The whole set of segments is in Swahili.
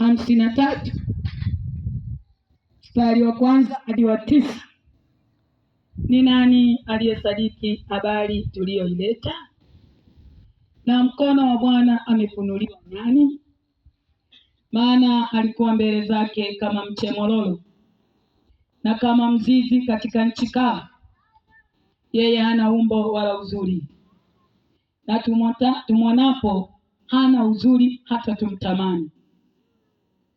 hamsini na tatu mstari wa kwanza hadi wa tisa. Ni nani aliyesadiki habari tuliyoileta? Na mkono wa Bwana amefunuliwa nani? Maana alikuwa mbele zake kama mchemololo na kama mzizi katika nchi kaa yeye hana umbo wala uzuri, na tumwonapo hana uzuri hata tumtamani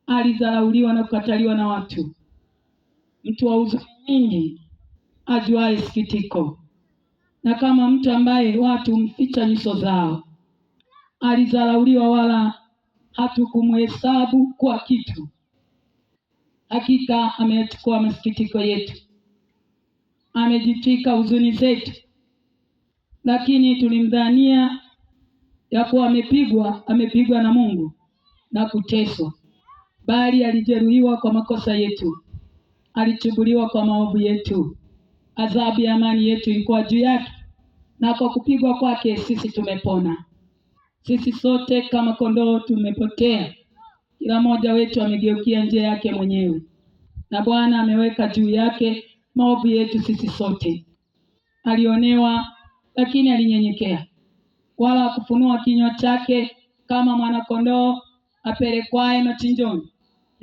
alidharauliwa na kukataliwa na watu, mtu wa huzuni nyingi, ajuaye sikitiko, na kama mtu ambaye watu mficha nyuso zao. Alidharauliwa wala hatukumhesabu kwa kitu. Hakika ameyachukua masikitiko yetu, amejitwika huzuni zetu, lakini tulimdhania ya kuwa amepigwa, amepigwa na Mungu na kuteswa bali alijeruhiwa kwa makosa yetu, alichubuliwa kwa maovu yetu, adhabu ya amani yetu ilikuwa juu yake, na kwa kupigwa kwake sisi tumepona. Sisi sote kama kondoo tumepotea, kila mmoja wetu amegeukia njia yake mwenyewe, na Bwana ameweka juu yake maovu yetu sisi sote. Alionewa lakini alinyenyekea, wala kufunua kinywa chake, kama mwanakondoo apelekwaye machinjoni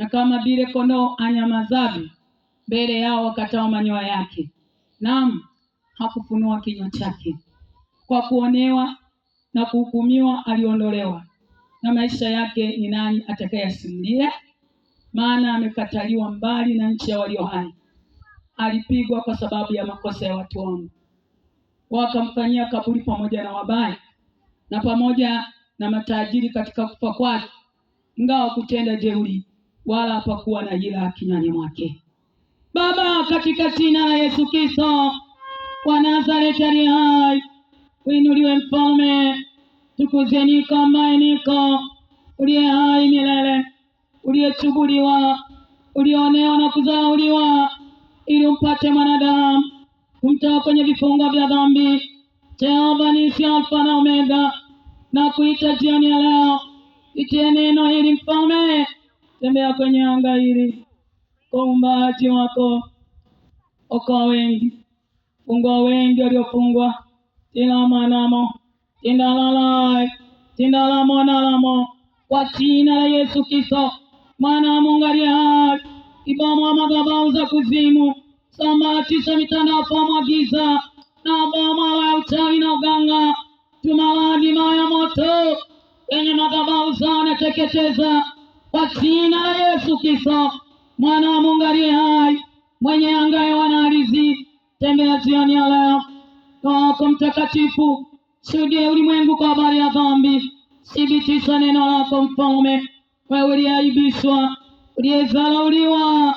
na kama vile kondoo anyamazavi mbele yao wakatao manyoya yake, naam hakufunua kinywa chake. Kwa kuonewa na kuhukumiwa aliondolewa, na maisha yake ni nani atakayasimulia Maana amekataliwa mbali na nchi ya walio hai, alipigwa kwa sababu ya makosa ya watu wangu, wakamfanyia kaburi pamoja na wabaya na pamoja na matajiri katika kufa kwake, ingawa kutenda jeuri wala hapakuwa na jila kinywani mwake. Baba, katika jina la Yesu Kristo wa Nazareti ali hai, uinuliwe Mfalme, tukuzeni kama niko uliye hai milele, uliyechubuliwa, ulioonewa na kuzauliwa, ili umpate mwanadamu, kumtoa kwenye vifungo vya dhambi. Jehova nisi Alfa na Omega, na kuita jioni ya leo, itie neno hili Mfalme tembea kwenye anga hili kwa umbaji wako, okoa wengi, fungua wengi waliofungwa, tilamanamo tindalalai tindalamonalamo kwa jina la Yesu Kristo mwana wa Mungu aliye hai, ibomoa madhabahu za kuzimu, sambaratisha mitandao ya giza na bomoa ya uchawi na uganga, tumaladi maya moto yenye madhabahu zao nateketeza Wasina Yesu Kristo mwana wa Mungu aliye hai mwenye angaye na tembea jioni ya leo kwa Mtakatifu, shuhudie ulimwengu kwa habari ya dhambi, sibitisha neno lako Mfalme, wewe uliyeaibishwa, uliyezalauliwa,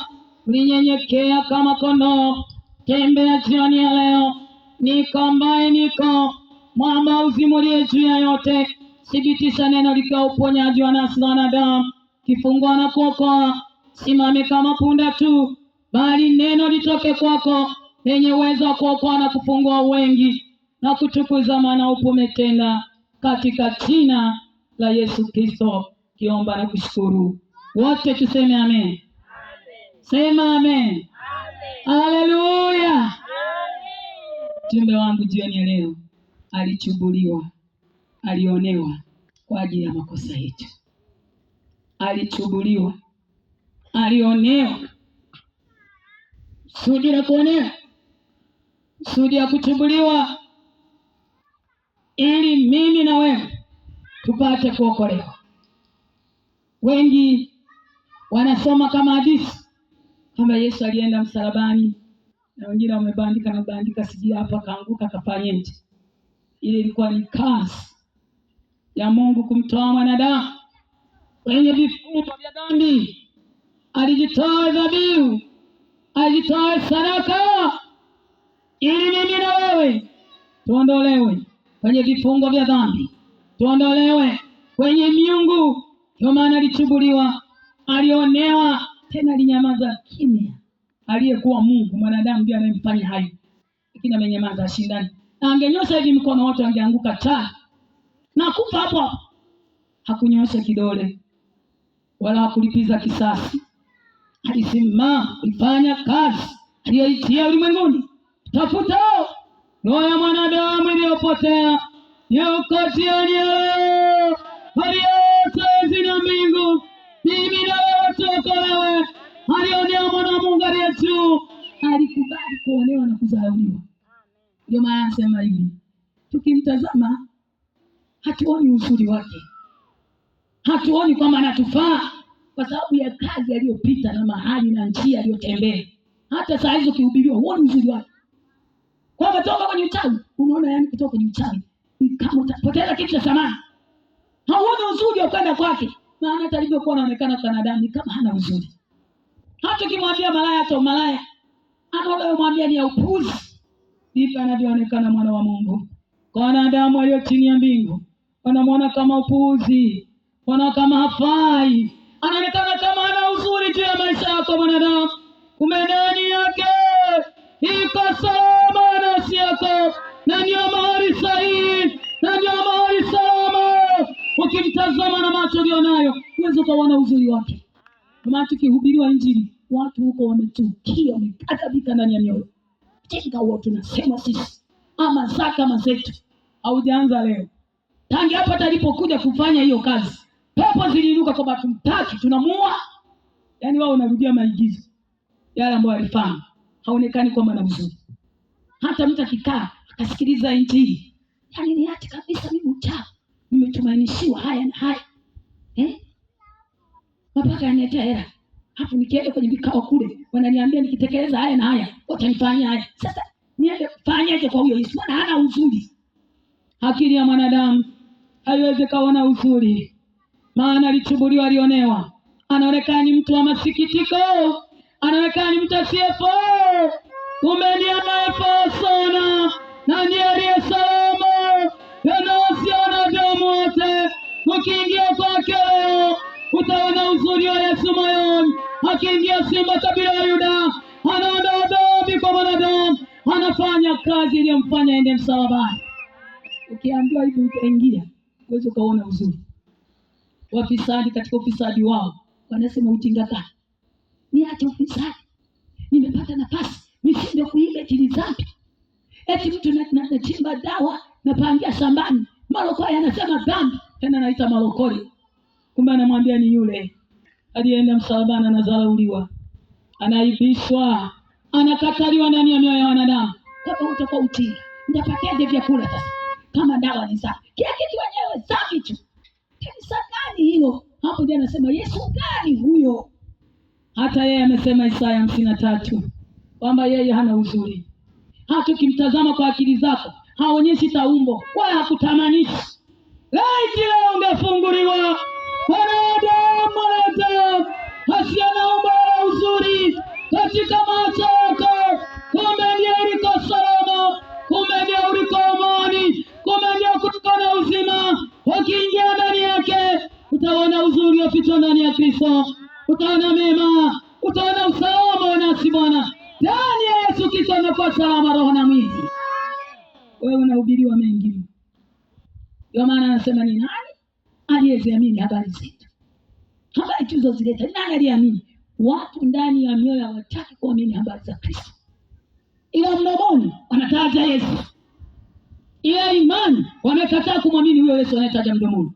ulinyenyekea kama kondoo. Tembea jioni ya leo, niko ambaye niko mwamba uzimulie juu ya yote, sibitisha neno lika uponyaji wa nafsi za wanadamu kifungwa na kuokoa. Simame kama punda tu, bali neno litoke kwako lenye uwezo wa kuokoa na kufungua wengi na kutukuza, maana upo umetenda. Katika jina la Yesu Kristo kiomba na kushukuru, wote tuseme amen. Amen. Sema amen. Haleluya. Mjumbe wangu jioni ya leo alichubuliwa, alionewa kwa ajili ya makosa yetu alichubuliwa, alionewa. Kusudi la kuonewa, kusudi ya kuchubuliwa, ili mimi na wewe tupate kuokolewa. Wengi wanasoma kama hadithi kwamba Yesu alienda msalabani, na wengine wamebandika na bandika, sijui hapa kaanguka nje Ile ilikuwa ni kazi ya Mungu kumtoa mwanadamu wenye vifungo vya dhambi, alijitoa dhabihu, alijitoa sadaka ili mimi na wewe tuondolewe kwenye vifungo vya dhambi, tuondolewe kwenye miungu. Ndio maana alichubuliwa, alionewa, tena alinyamaza kimya. Aliyekuwa Mungu mwanadamu ndiye anayemfanya hayo, lakini amenyamaza ashindani na angenyosha hivi mkono, watu wangeanguka cha na kufa hapo. Hakunyosha kidole, wala hakulipiza kisasi. Alisimama kufanya kazi aliyoitia ulimwenguni. Tafuta roho ya mwanadamu iliyopotea, yeukotianio aliyosazi na mbingu mimi na yotokolewe. Alionea mwana wa Mungu aliye juu, alikubali kuonewa na kuzaliwa. Ndio maana anasema hivi, tukimtazama hatuoni uzuri wake hatuoni kwamba anatufaa kwa sababu ya kazi aliyopita na mahali na njia aliyotembea. Hata saa hizo ukihubiriwa huoni uzuri wake, kwamba toka kwenye uchawi, unaona yani kutoka kwenye uchawi ni kama utapoteza kitu cha thamani, hauoni uzuri wa kwenda kwake, maana hata alivyokuwa anaonekana kwa wanadamu ni kama hana uzuri. Hata ukimwambia malaya, hata malaya anaona unamwambia ni ya upuzi, ndivyo anavyoonekana mwana wa Mungu kwa wanadamu walio chini ya mbingu, wanamwona kama upuzi. Bwana kama hafai, anaonekana kama ana uzuri juu ya maisha yako mwanadamu, kumbe ndani yake iko salama nafsi yako, na ndio mahali sahihi, na ndio mahali salama. Ukimtazama na macho nayo, huwezi ukaona uzuri wake. Maana tukihubiriwa Injili watu huko wamechukia, wamekatabika ndani ya mioyo. Jinga huo tunasema sisi, ama zaka mazetu, zetu. Haujaanza leo, tangia hapa talipokuja kufanya hiyo kazi Pepo ziliinuka kwamba tumtaki, tunamua Yaani wao wanarudia maigizo yale ambayo walifanya, haonekani kwamba na uzuri. Hata mtu akikaa akasikiliza injili, yaani ni hati kabisa, mimi mchafu, nimetumainishiwa haya na haya eh? Mapaka yaniletea hela hapo, nikienda kwenye vikao kule wananiambia nikitekeleza haya na haya watanifanyia haya. Sasa niende fanyaje kwa huyo Yesu? Maana hana uzuri. Akili ya mwanadamu haiwezi kaona uzuri maana alichubuliwa, alionewa. Anaonekana ni mtu wa masikitiko, anaonekana ni mtu asiyefo. Umeniamefaa sana na ndiye aliye salama yanayosiana damu wote. Ukiingia kwake leo utaona uzuri wa Yesu moyoni. Akiingia simba kabila ya Yuda, anaondoa dhambi kwa mwanadamu, anafanya kazi iliyomfanya ende msalabani. Ukiambiwa hivi utaingia, uwezi ukaona uzuri wafisadi katika ufisadi wao wanasema ni Niache ufisadi, nimepata nafasi nishinde kuiga eti zake. eti mtu nachimba dawa napangia shambani, marokore anasema dhambi, tena naita marokori kumbe anamwambia ni yule aliyeenda msalabani, anazalauliwa, anaibishwa, anakataliwa ndani ya mioyo ya wanadamu. Kama utofauti utinga, vyakula sasa? Kama dawa ni safi, kila kitu wenyewe safi tu gani hilo? Hapo ndio anasema Yesu gani huyo? Hata yeye amesema Isaya hamsini na tatu kwamba yeye hana uzuri, hata ukimtazama kwa akili zako haonyeshi taumbo wala hakutamanishi. Laiti leo ungefunguliwa wanadamu walete hasianaumbo wala uzuri katika macho yako kilicho ndani ya Kristo, utaona mema, utaona usalama wanasi Bwana ndani ya Yesu Kristo, anakuwa salama roho na mwili. Wewe unahubiriwa mengi, ndio maana anasema ni nani aliyeziamini habari zetu? Habari tulizozileta nani aliyeamini? Watu ndani ya mioyo hawataki kuamini habari za Kristo, ila mdomoni wanataja Yesu, ila imani wamekataa kumwamini huyo Yesu anayetaja mdomoni,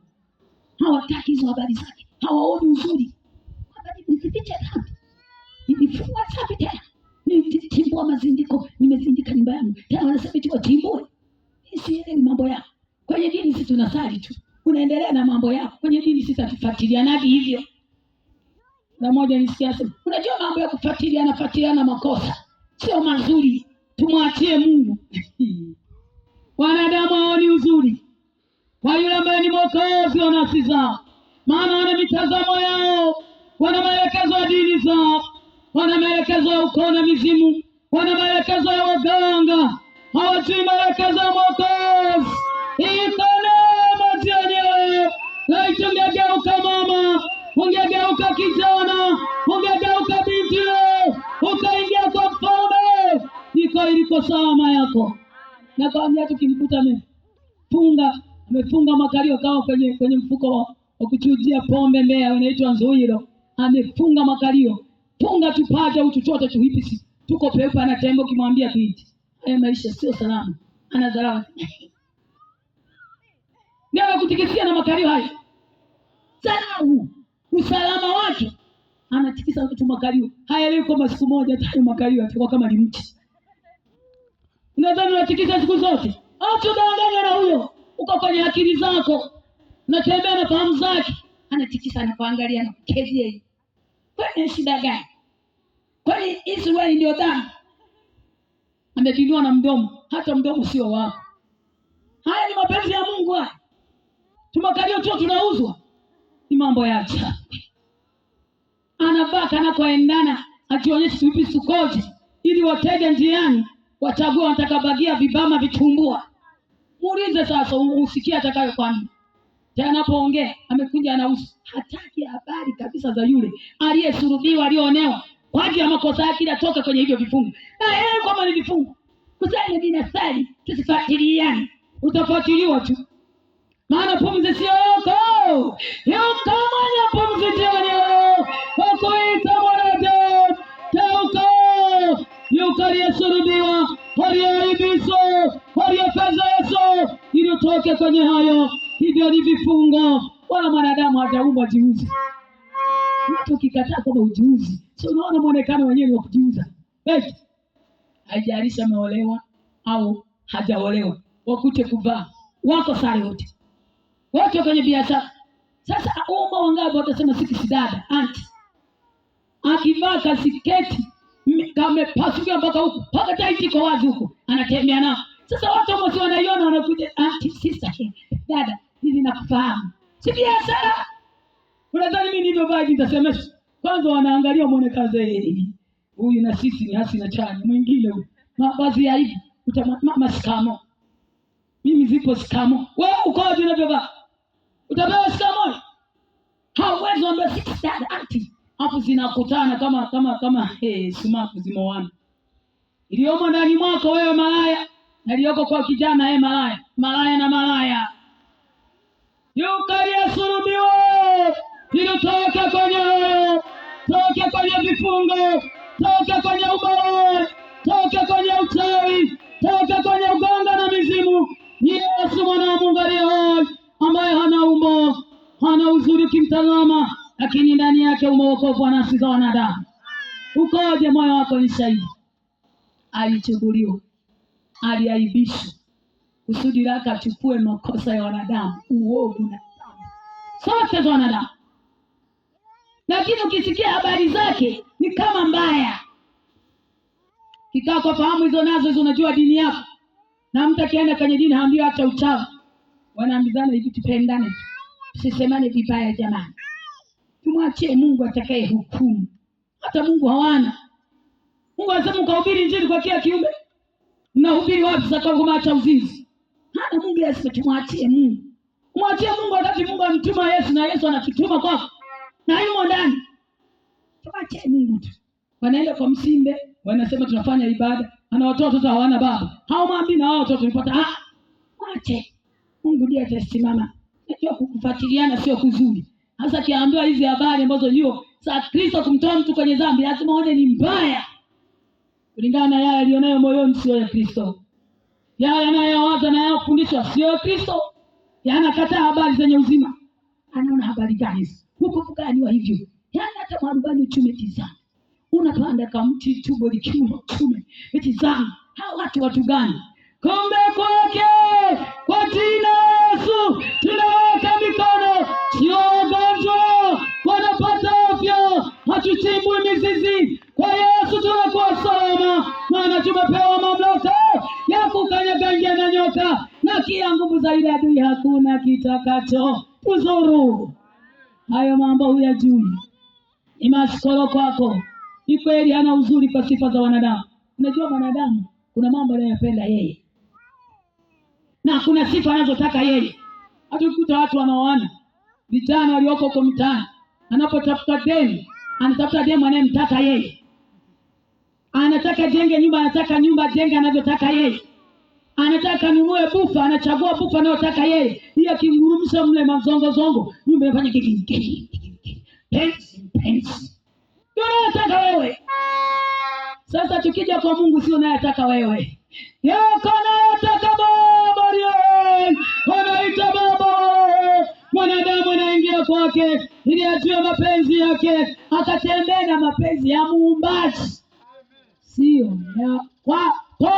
hawataki hizo habari zake hawaoni uzuri kwamba nisifiche dhambi, nilifungwa dhambi tena, nilitimbua mazindiko, nimezindika nyumba yangu tena, wanasema eti watimbue. Isiende ni mambo yao kwenye dini, sisi tunasali tu, unaendelea na mambo yako kwenye dini, sisi hatufuatilianagi hivyo. Na moja ni siasa, unajua mambo ya kufuatilia na kufuatiliana na makosa sio mazuri, tumwachie Mungu. Wanadamu haoni uzuri kwa yule ambaye ni mwokozi wa nafsi zao maana wana mitazamo yao, wana maelekezo ya dini zao, wana maelekezo ya ukona mizimu, wana maelekezo ya waganga, hawajui maelekezo ya Mwokozi. Ikonoma jioni, laiti ungegeuka mama, ungegeuka kijana, ungegeuka binti, ukaingia kwa mfalme, iko iliko salama yako. Nakwambia tukimkuta mimi funga amefunga makalio kawa kwenye, kwenye mfuko wa kuchujia pombe Mbeya unaitwa Nzuhiro amefunga makalio, funga tupate au chochote chuhipisi, tuko pepa na tembo, kimwambia binti haya maisha sio salama, ana dharau ndio kutikisia na makalio hayo, dharau usalama wake, anatikisa watu makalio. Haelewi kwamba siku moja tayo makalio atakuwa kama ni mti. Unadhani unatikisa siku zote, acha danganya na huyo, uko kwenye akili zako Natembea na fahamu zake, anatikisa kuangalia na kukezi yeye. Kwani shida gani? Kwani hizi wewe ndio dhambi? Amepigwa na mdomo, hata mdomo sio wao. Haya ni mapenzi ya Mungu haya. Tumekalia tu tunauzwa. Ni mambo ya ajabu. Anavaa kuendana, akionyesha vipi sukoti, ili wateja njiani wachague bagia vibama vitumbua. Muulize sasa, usikie atakayokwambia anapoongea amekuja anausi, hataki habari kabisa za yule aliyesurubiwa, aliyoonewa kwa ajili ya makosa yake, ili kwenye hivyo vifungu. Kama ni vifungu ni nasali, tusifuatiliane, utafuatiliwa tu, maana pumzi sio yako, yokamanya pumzi tano wakuita mwanadamu tauko yuko aliyesurubiwa aliyeaibishwa, aliyepeza Yesu, ili utoke kwenye hayo hivyo ni vifungo, wala mwanadamu hataumba jiuzi. Mtu ukikataa kwamba ujiuzi, so unaona mwonekano wenyewe wa kujiuza. Basi haijalishi ameolewa au hajaolewa, wakute kuvaa wako sare wote wote kwenye biashara. Sasa umo wangapi watasema siki sidada anti akivaa kasiketi kamepasuka mpaka huku mpaka taiti iko wazi huku, anatembea nao. Sasa watu wamosi wanaiona wanakuja, anti sister dada hili nafahamu, si biashara. Unadhani mimi nilivyovaa baji nitasemesha? Kwanza wanaangalia muonekano zaidi, huyu na sisi ni hasi na chanya. Mwingine huyu mavazi ya hivi utamama skamo, mimi zipo skamo. Wewe ukoje unavyovaa? Utapewa skamo, hauwezi ambia sisi dada anti, hapo zinakutana kama kama kama eh hey, sumaku zimoana. iliyomo ndani mwako wewe malaya, na kwa kijana yeye malaya, malaya na malaya Yukari asulubiwe, ilutoke kwenye hoyo, toke kwenye vifungo, toke kwenye ubaya, toke kwenye uchawi, toke kwenye uganga na mizimu. Yesu mwana wa Mungu aliye hai, ambaye hana umbo, hana uzuri ukimtazama, lakini ndani yake umo wokovu wa nafsi za wanadamu. Ukoje moyo wako? Ni shahidi, alichubuliwa, aliaibishwa kusudi lake achukue makosa ya wanadamu, uovu na dhambi zote za wanadamu. Lakini ukisikia habari zake ni kama mbaya, kikaa kwa fahamu hizo nazo hizo, unajua dini yako, na mtu akienda kwenye dini haambiwi acha uchawi. Wanaambizana hivi, tupendane, tusisemane vibaya. Jamani, tumwachie Mungu atakaye hukumu. Hata Mungu hawana Mungu anasema ukahubiri Injili kwa kila kiumbe. Mnahubiri wapi sasa, kwa maacha uzinzi? hata Mungu Yesu, tumwachie Mungu, mwachie Mungu wakati Mungu amtuma Yesu na Yesu anakituma kwako na yumo ndani. Tumwachie Mungu tu. Wanaenda kwa msimbe, wanasema tunafanya ibada, ana watoto watoto hawana baba, Hao haumwambii na hao watoto nipata. Ah, mwache Mungu ndiye atasimama. Sio kukufuatiliana sio kuzuri, hasa kiambiwa hizi habari ambazo hiyo saa Kristo kumtoa mtu kwenye dhambi, lazima uone ni mbaya kulingana na yale aliyonayo moyoni, sio ya Kristo yao yanayowaza na yanayofundishwa siyo Kristo, yanakataa yaani habari zenye uzima. Anaona habari gani hizi? Hukumu gani wa hivyo? Yaani hata mwarubani uchume tizama, unapanda kamti tubo likiwa uchume tizama, hawa watu watu gani? Kumbe kwake kwa jina Yesu bila adui hakuna kitakacho kuzuru. Hayo mambo huyajui, ni maskoro kwako. Ni kweli hana uzuri kwa sifa za wanadamu. Unajua mwanadamu kuna mambo anayoyapenda yeye na kuna sifa anazotaka yeye. Hata ukikuta watu wanaoana vijana walioko kwa mtaani, anapotafuta demu anatafuta demu anayemtaka yeye, anataka jenge nyumba, anataka nyumba jenge anavyotaka yeye anataka nunue bufa, anachagua bufa anayotaka yeye, Hiyo akimgurumisha mle zongo, nyumba inafanya kiki ndio anayotaka wewe. Sasa tukija kwa Mungu, sio unayotaka wewe, yako anayotaka Baba. Wanaita Baba, mwanadamu anaingia kwake ili ajue mapenzi yake, akatembea na mapenzi ya Muumbaji, sio ya kwako.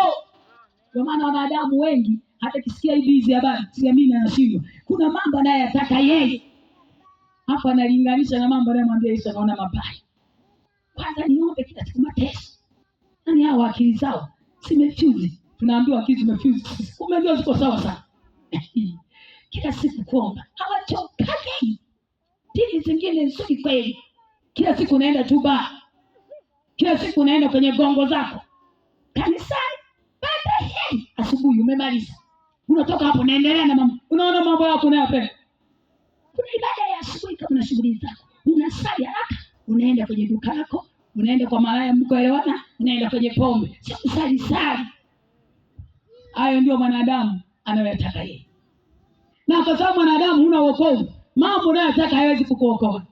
Kwa maana wanadamu wengi hata kisikia hizi habari siamini, anashindwa. Kuna mambo anayataka yeye, halafu analinganisha na mambo anayomwambia Yesu, anaona mabaya. Kwanza niombe kila siku mateso, yaani hao akili zao zimefyuzi. Tunaambiwa akili zimefyuzi, kumbe ndio ziko sawa sana eh, eh. kila siku kuomba, hawachokani dini zingine nzuri kweli. Kila siku unaenda tu baa, kila siku unaenda kwenye gongo zako kanisani Hey, asubuhi umemaliza, unatoka hapo, naendelea na mama, unaona mambo yako unayopenda. Kuna ibada ya asubuhi, kama na shughuli zako, unasali haraka, unaenda kwenye duka lako, unaenda kwa malaya, mkoelewana, unaenda kwenye pombe, si usali sali. Hayo ndio mwanadamu anayotaka yeye, na kwa sababu mwanadamu huna wokovu, mambo unayotaka hayawezi kukuokoa.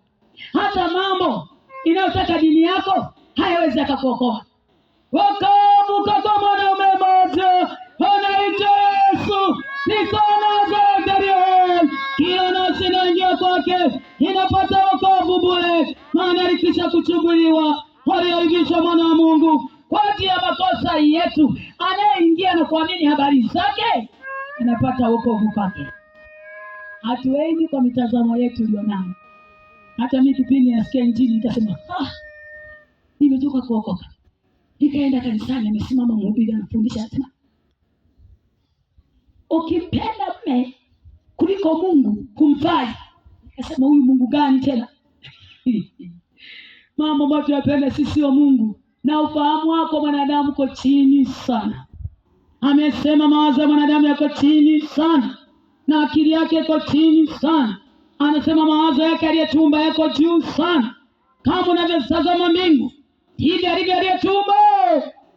Hata mambo inayotaka dini yako hayawezi akakuokoa. wokovu mwanaume yesu kila inaingia kwake inapata wokovu bure, maana alikisha kuchubuliwa walioingisha mwana wa Mungu kwa ajili ya makosa yetu. Anayeingia na kuamini habari zake anapata wokovu pake. Hatuendi kwa mitazamo yetu ulionayo. Hata mimi kipindi nasikia injili nikasema, ah, nimetoka kuokoka Nikaenda kanisani, amesimama mhubiri anafundisha, anasema Ukipenda mme kuliko Mungu kumfai. Nikasema huyu Mungu gani tena? Mama ambayo tunapenda sisi sio Mungu, na ufahamu wako mwanadamu uko chini sana. Amesema mawazo ya mwanadamu yako chini sana, na akili yake iko chini sana. Anasema mawazo yake aliyetumba yako juu sana, kama unavyotazama mbingu idadi ya tumbo,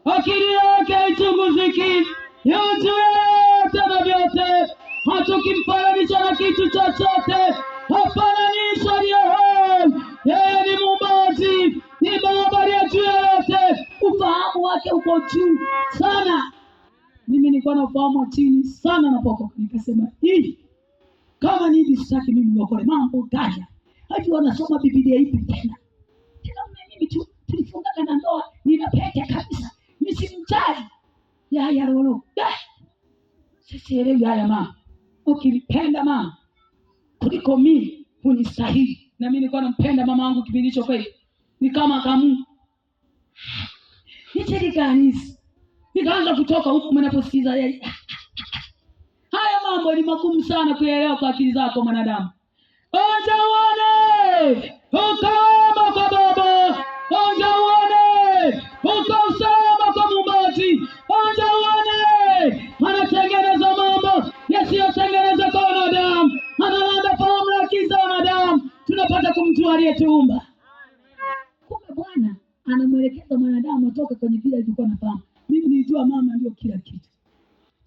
akili yake ichunguziki, yote yote na vyote, hatukimfananisha na kitu chochote. Hafananisha ni Roho, yeye ni mumbazi, ni baba ya juu yote, ufahamu wake uko juu sana. Mimi nilikuwa na ufahamu chini sana, napotoka nikasema hivi, kama ni hivi, sitaki mimi niokole mambo gaya, hadi wanasoma Biblia ipi tena, kila mimi tu mfungaga na ndoa nina kabisa, nisimjali yaya lolo sisielewi haya mama, ukinipenda mama kuliko mimi hunistahili. Na mimi nilikuwa nampenda mama wangu kipindi hicho, kweli ni kama kamu nichelikanisi nikaanza kutoka huku mnaposikiza haya mambo ni magumu sana kuelewa kwa akili zako mwanadamu. Onja uone ametuumba. Kumbe Bwana anamwelekeza mwanadamu atoke kwenye vile alivyokuwa anafahamu. Mimi nilijua mama ndio kila kitu,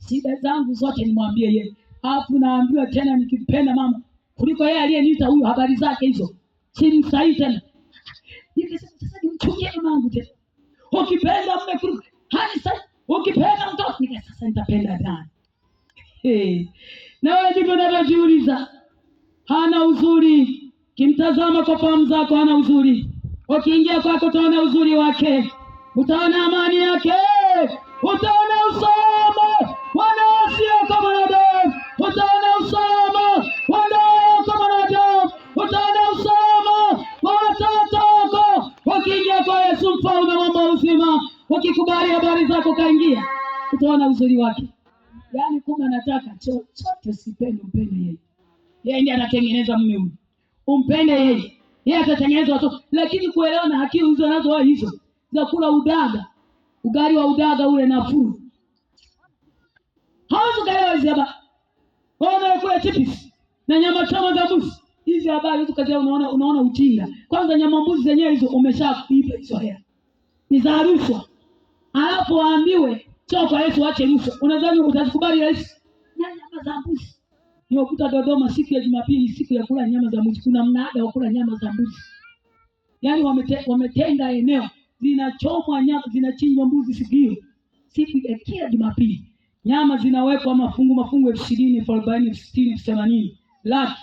shida zangu zote nimwambie yeye, alafu naambiwa tena nikimpenda mama kuliko yeye aliyeniita huyo. Habari zake hizo simsahii tena. Nikasema sasa nimchukie mamangu tena, ukipenda mume kuliko hani sasa, ukipenda mtoto. nika sasa nitapenda tani. Hey, na wewe ndivyo unavyojiuliza, hana uzuri Kimtazama kwa fahamu zako, ana uzuri. ukiingia kwako, utaona uzuri wake, utaona amani yake, utaona usalama wa nafsi yako mwanadamu, utaona usalama wa ndoa yako mwanadamu, utaona usalama wa watoto wako. Ukiingia kwa Yesu mfalme wa mambo uzima, ukikubali habari zako, kaingia, utaona uzuri wake. Yaani, kumbe anataka chochote, sipendi mpende yeye, yeye ndiye anatengeneza mume umpende yeye, yeye atatengeneza watoto. Lakini kuelewa na akili hizo nazo wao hizo za kula udaga, ugali wa udaga ule nafuu, hawezi kuelewa hizo habari. Wao kula chips na nyama choma za mbuzi, hizi habari tu kazi. Unaona, unaona ujinga. Kwanza nyama mbuzi zenyewe hizo umeshakuipa hizo, hela ni za rushwa, alafu waambiwe sio kwa Yesu, ache rushwa. Unadhani utazikubali Yesu nyama za mbuzi? Nimekuta Dodoma siku ya Jumapili, siku ya kula nyama za mbuzi, kuna mnada wa kula nyama za mbuzi. Yaani wamete, wametenga eneo zinachomwa nyama, zinachinjwa mbuzi siku hiyo, siku ya kila Jumapili nyama zinawekwa mafungu mafungu elfu ishirini elfu arobaini elfu sitini elfu themanini laki.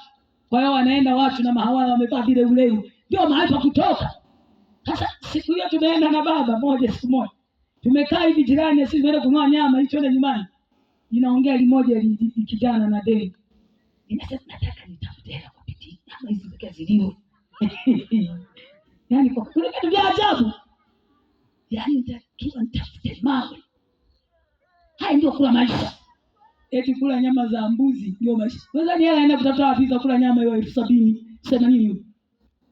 Kwa hiyo wanaenda watu na mahawala wamevaa vile uleu, ndio mahali pa kutoka. Sasa siku hiyo tumeenda na baba moja, siku moja tumekaa hivi jirani, sisi tumeenda kunua nyama, hicho enda nyumbani, inaongea limoja kijana na deni inataka nataka nitafute hela kwa bidii ama isipike zilio yani kwa kuna kitu vya ajabu yani nitakiwa nitafute mawe haya ndio kula maisha eti kula nyama za mbuzi ndio maisha kwanza ni hela aenda kutafuta wapi za kula nyama hiyo elfu sabini themanini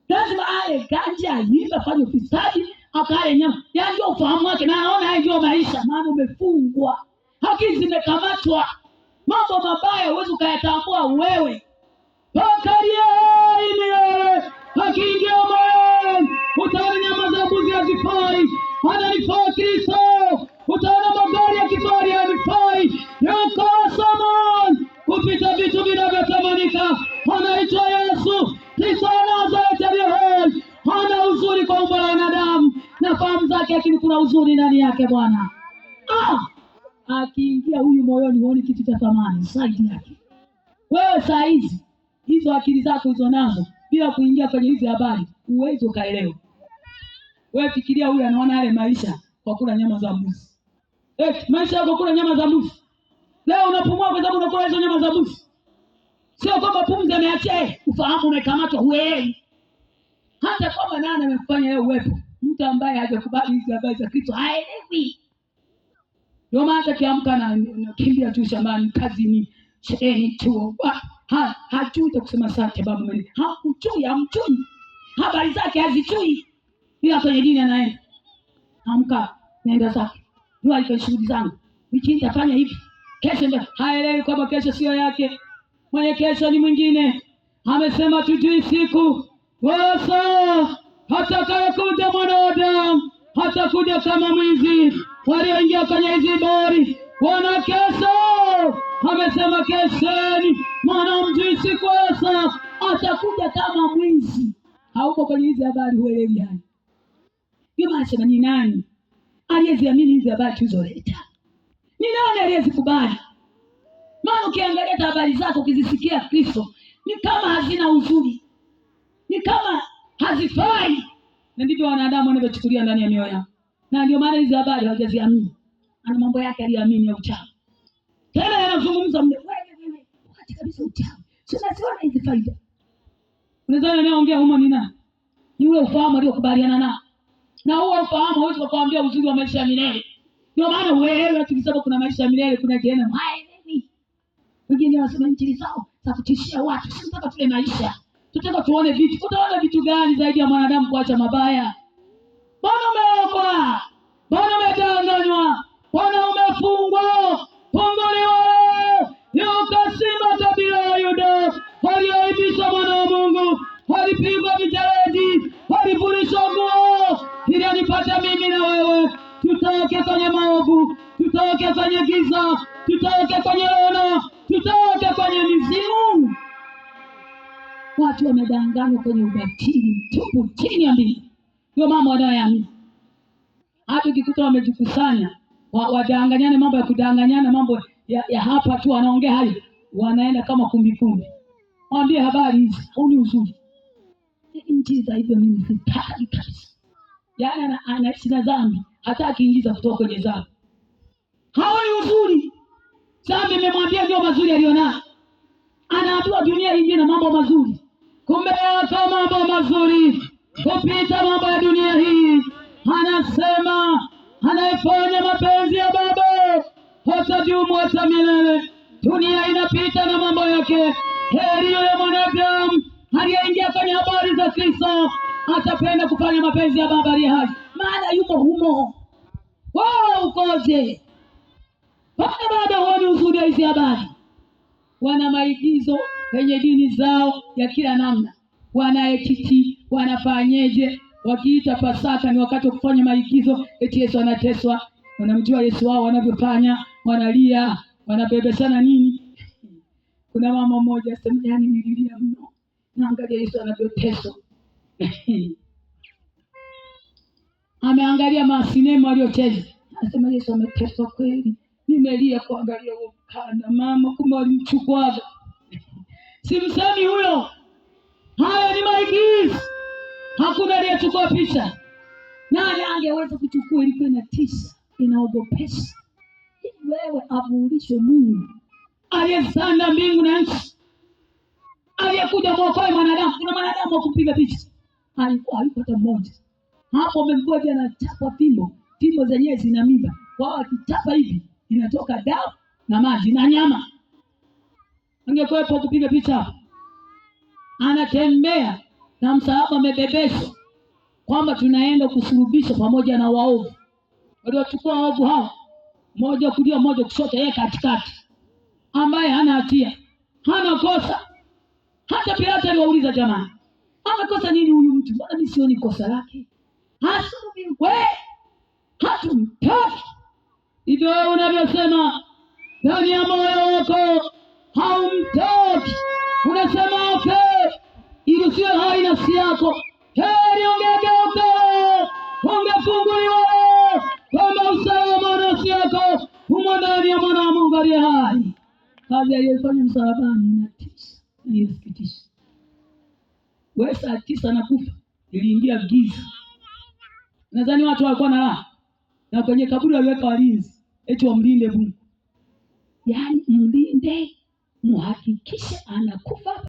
lazima ale ganja aibe afanye ufisadi akale nyama yani ndio ufahamu wake na aona haya ndio maisha maana umefungwa haki zimekamatwa Mambo mabaya huwezi ukayatambua wewe. Pakalieni akiingia moyoni, utaona nyama za mbuzi hazifai, ananifaa Kristo, utaona magari ya kifahari yanifai, yakasaman kupita vitu vinavyotamanika. Anaitwa Yesu Kristo wa Nazareti aliye hai, hana uzuri kwa umbo la wanadamu, na fahamu zake, lakini kuna uzuri ndani yake Bwana ah! akiingia huyu moyoni, huoni kitu cha thamani zaidi yake. Wewe saa hizi hizo akili zako hizo nazo bila kuingia kwenye hizi habari uwezi ukaelewa. Wewe fikiria, huyu anaona yale maisha kwa kula nyama za mbuzi. Eh, maisha yako kula nyama za mbuzi. Leo unapumua kwa sababu unakula hizo nyama za mbuzi. Sio kwamba pumzi ameachia, eh, ufahamu umekamatwa wewe. Hata kama nani amekufanya leo uwepo, mtu ambaye hajakubali hizi habari za Kristo haelewi. Ndio maana takiamka na nakimbia tu shambani, kazi ni cheni tu ha, hachui kusema sante babu mimi hakuchui, amchui habari zake hazichui, ila kwenye dini anaenda. Amka nenda sasa ndio iko shughuli zangu, wiki nitafanya hivi, kesho ndio haelewi kwamba kesho sio yake, mwenye kesho ni mwingine. Amesema tujui siku wala saa, hata kaya kuja mwanadamu hata kuja kama mwizi walioingia kwenye hizi bori wana kesho. Amesema kesheni, maana mjui kosa atakuja kama mwizi. Hauko kwenye hizi habari, huelewi yuma Anasema ni nani aliyeziamini hizi habari tulizoleta? Ni nani aliyezikubali? Maana ukiangalia habari zako ukizisikia Kristo ni kama hazina uzuri, ni kama hazifai, na ndivyo wanadamu wanavyochukulia ndani ya mioyo yao na ndio maana hizi habari hawajaziamini. Ana mambo yake aliamini ya uchawi, tena yanazungumza mle wakati kabisa uchawi, sio nasiona hizi faida. Unaweza nani aongea humo ni nani? Ni ule ufahamu aliokubaliana na na huo ufahamu hawezi kukuambia uzuri wa maisha ya milele. Ndio maana wewe tukisema kuna maisha ya milele, kuna jehanamu. Haya, nini wengine wanasema injili zao za kutishia watu, tunataka tule maisha, tunataka tuone vitu. Utaona vitu gani zaidi ya mwanadamu kuacha mabaya Mbona umeokwa? Mbona umedanganywa? Mbona umefungwa? Funguliwa! Yuko simba kabila ya Yuda, walioibisha mwana wa Mungu, walipigwa mijeledi, walivulishwa nguo, ili anipata mimi na wewe. Tutoke kwenye maovu, tutoke kwenye giza, tutoke kwenye lona, tutoke kwenye mizimu. Watu wamedanganywa kwenye ubatili mtupu chini ya mbili Sio mama wanayeamini. Hata ukikuta wamejikusanya wa, wadanganyane mambo ya kudanganyana mambo ya, ya hapa tu wanaongea hayo, wanaenda kama kumbi kumbi. Mwambie habari hizi, huu ni uzuri. za hivyo mimi sitaki kabisa. Yaani anaishi na dhambi, hata akiingiza kutoka kwenye dhambi. Haoni uzuri. Dhambi imemwambia ndio mazuri alionayo. Anaambiwa dunia hii na mambo mazuri. Kumbe yako mambo mazuri kupita mambo ya dunia hii. Anasema anayefanya mapenzi ya Baba hatadumu hata milele. Dunia inapita na mambo yake. Heri yule mwanadamu aliyeingia kwenye habari za Kristo, atapenda kufanya mapenzi ya Baba aliye hai, maana yuko humo. Wao ukoje? Bwana baada huoni uzuri wa hizi habari? Wana maigizo kwenye dini zao ya kila namna, wana ekiti wanafanyeje? Wakiita Pasaka ni wakati wa kufanya maigizo, eti Yesu anateswa. Wanamjua Yesu wao wanavyofanya, wanalia, wanabebesana nini. Kuna mama mmoja sema, yani nililia mno, naangalia Yesu anavyoteswa ameangalia masinema aliyocheza, anasema Yesu ameteswa kweli. Nimelia kuangalia huo mkana mama, kumbe walimchukwaga. Simsemi huyo, haya ni maigizo. Hakuna aliyechukua picha. Nani angeweza kuchukua? Ilikuwa na tisa, inaogopesha. Ili wewe amuulishe Mungu aliyezanda mbingu na nchi, aliyekuja mwokoe mwanadamu. Kuna mwanadamu akupiga picha? Alikuwa hayuko hata mmoja. Hapo amemgoja anachapa fimbo, fimbo zenyewe zina mimba, wao akichapa hivi inatoka damu na maji na nyama. Angekuwepo kupiga picha, anatembea na msalaba umebebeshwa, kwamba tunaenda kusulubishwa pamoja na waovu waliochukua waovu hao, mmoja kulia, mmoja kushoto, yeye katikati, ambaye hana hatia, hana kosa. Hata Pilato aliwauliza, jamani, amekosa nini huyu mtu? Mbona mimi sioni kosa lake? Hasulubiwe, hatumtaki. Hivyo wewe unavyosema ndani ya moyo wako haumtoki, unasema usio hai nafsi yako. Heri ungegeuka ungefunguliwa kwamba usalama nafsi yako umo ndani ya mwana wa Mungu aliye hai. Kazi aliyofanya msalabani inatisha, inasikitisha. Wewe saa tisa nakufa, iliingia giza. Nadhani watu walikuwa na raha, na kwenye kaburi waliweka walinzi eti wamlinde Mungu, yaani mlinde, muhakikishe anakufa.